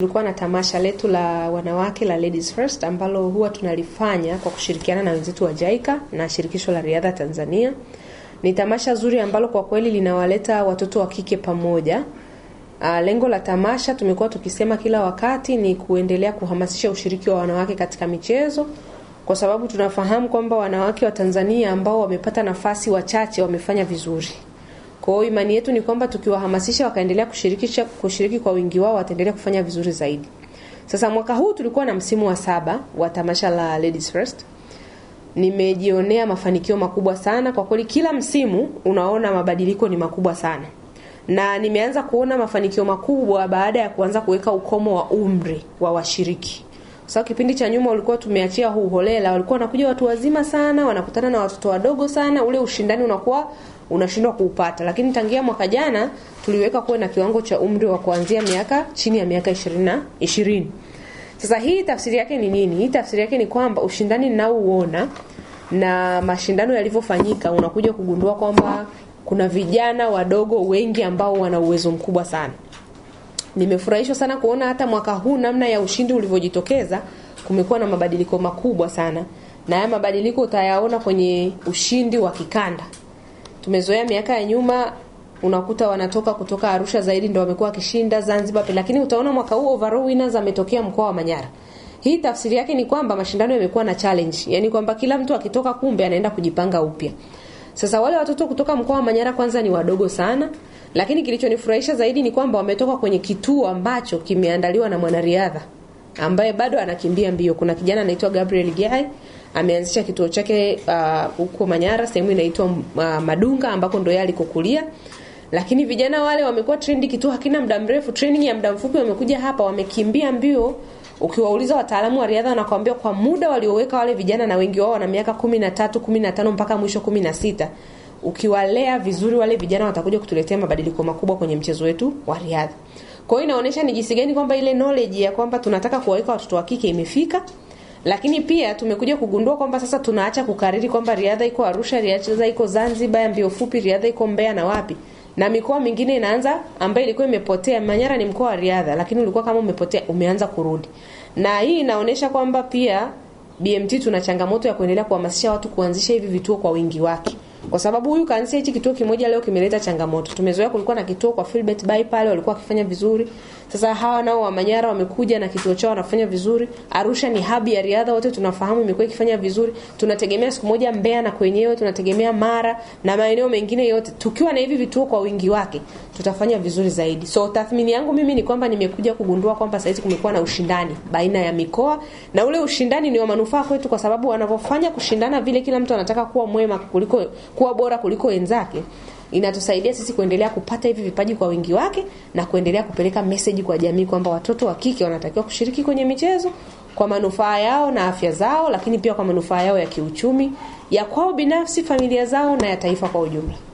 Tulikuwa na tamasha letu la wanawake la Ladies First ambalo huwa tunalifanya kwa kushirikiana na wenzetu wa JICA na Shirikisho la Riadha Tanzania. Ni tamasha zuri ambalo kwa kweli linawaleta watoto wa kike pamoja. Ah, lengo la tamasha tumekuwa tukisema kila wakati ni kuendelea kuhamasisha ushiriki wa wanawake katika michezo, kwa sababu tunafahamu kwamba wanawake wa Tanzania ambao wamepata nafasi wachache wamefanya vizuri. Kwa hiyo imani yetu ni kwamba tukiwahamasisha wakaendelea kushiriki, kushiriki kwa wingi wao wataendelea kufanya vizuri zaidi. Sasa mwaka huu tulikuwa na msimu wa saba wa tamasha la Ladies First. Nimejionea mafanikio makubwa sana kwa kweli, kila msimu unaona mabadiliko ni makubwa sana, na nimeanza kuona mafanikio makubwa baada ya kuanza kuweka ukomo wa umri wa washiriki. Sasa kipindi cha nyuma ulikuwa tumeachia huu holela, walikuwa wanakuja watu wazima sana, wanakutana na watoto wadogo sana, ule ushindani unakuwa unashindwa kuupata, lakini tangia mwaka jana tuliweka kuwe na kiwango cha umri wa kuanzia miaka chini ya miaka ishirini na Sasa hii tafsiri yake ni nini? Hii tafsiri yake ni kwamba ushindani ninaouona na mashindano yalivyofanyika, unakuja kugundua kwamba kuna vijana wadogo wengi ambao wana uwezo mkubwa sana. Nimefurahishwa sana kuona hata mwaka huu namna ya ushindi ulivyojitokeza, kumekuwa na mabadiliko makubwa sana, na haya mabadiliko utayaona kwenye ushindi wa kikanda tumezoea miaka ya nyuma unakuta wanatoka kutoka Arusha zaidi ndio wamekuwa wakishinda Zanzibar, lakini utaona mwaka huu overall winners ametokea mkoa wa Manyara. Hii tafsiri yake ni kwamba mashindano yamekuwa na challenge, yani kwamba kila mtu akitoka kumbe anaenda kujipanga upya. Sasa wale watoto kutoka mkoa wa Manyara kwanza ni wadogo sana, lakini kilichonifurahisha zaidi ni kwamba wametoka kwenye kituo ambacho kimeandaliwa na mwanariadha ambaye bado anakimbia mbio. Kuna kijana anaitwa Gabriel Giai ameanzisha kituo chake uh, huko uh, Manyara, sehemu inaitwa uh, Madunga ambako ndo yeye alikokulia lakini vijana wale wamekuwa trendi, kituo hakina muda mrefu, training ya muda mfupi, wamekuja hapa wamekimbia mbio. Ukiwauliza wataalamu wa riadha wanakuambia kwa muda walioweka wale vijana, na wengi wao wana miaka 13, 15 mpaka mwisho 16. Ukiwalea vizuri wale vijana watakuja kutuletea mabadiliko makubwa kwenye mchezo wetu wa riadha. Kwa hiyo inaonyesha ni jinsi gani kwamba ile knowledge ya kwamba tunataka kuwaweka watoto wa kike imefika lakini pia tumekuja kugundua kwamba sasa tunaacha kukariri kwamba riadha iko Arusha, riadha iko Zanzibar, ya mbio fupi riadha iko Mbeya na wapi na mikoa mingine inaanza ambayo ilikuwa imepotea. Manyara ni mkoa wa riadha, lakini ulikuwa kama umepotea, umeanza kurudi, na hii inaonyesha kwamba pia BMT tuna changamoto ya kuendelea kuhamasisha watu kuanzisha hivi vituo kwa wingi wake, kwa sababu huyu kaanzisha hichi kituo kimoja leo kimeleta changamoto. Tumezoea kulikuwa na kituo kwa Philbert Bay pale, walikuwa wakifanya vizuri, sasa hawa nao wa Manyara wamekuja na kituo chao wanafanya vizuri. Arusha ni hub ya riadha, wote tunafahamu imekuwa ikifanya vizuri. Tunategemea siku moja Mbeya na kwenyewe tunategemea Mara na maeneo mengine yote. Tukiwa na hivi vituo kwa wingi wake, tutafanya vizuri zaidi. So tathmini yangu mimi ni kwamba nimekuja kugundua kwamba saizi kumekuwa na ushindani baina ya mikoa, na ule ushindani ni wa manufaa kwetu, kwa sababu wanavyofanya kushindana vile, kila mtu anataka kuwa mwema kuliko kuwa bora kuliko wenzake inatusaidia sisi kuendelea kupata hivi vipaji kwa wingi wake na kuendelea kupeleka meseji kwa jamii kwamba watoto wa kike wanatakiwa kushiriki kwenye michezo kwa manufaa yao na afya zao, lakini pia kwa manufaa yao ya kiuchumi, ya kwao binafsi, familia zao na ya taifa kwa ujumla.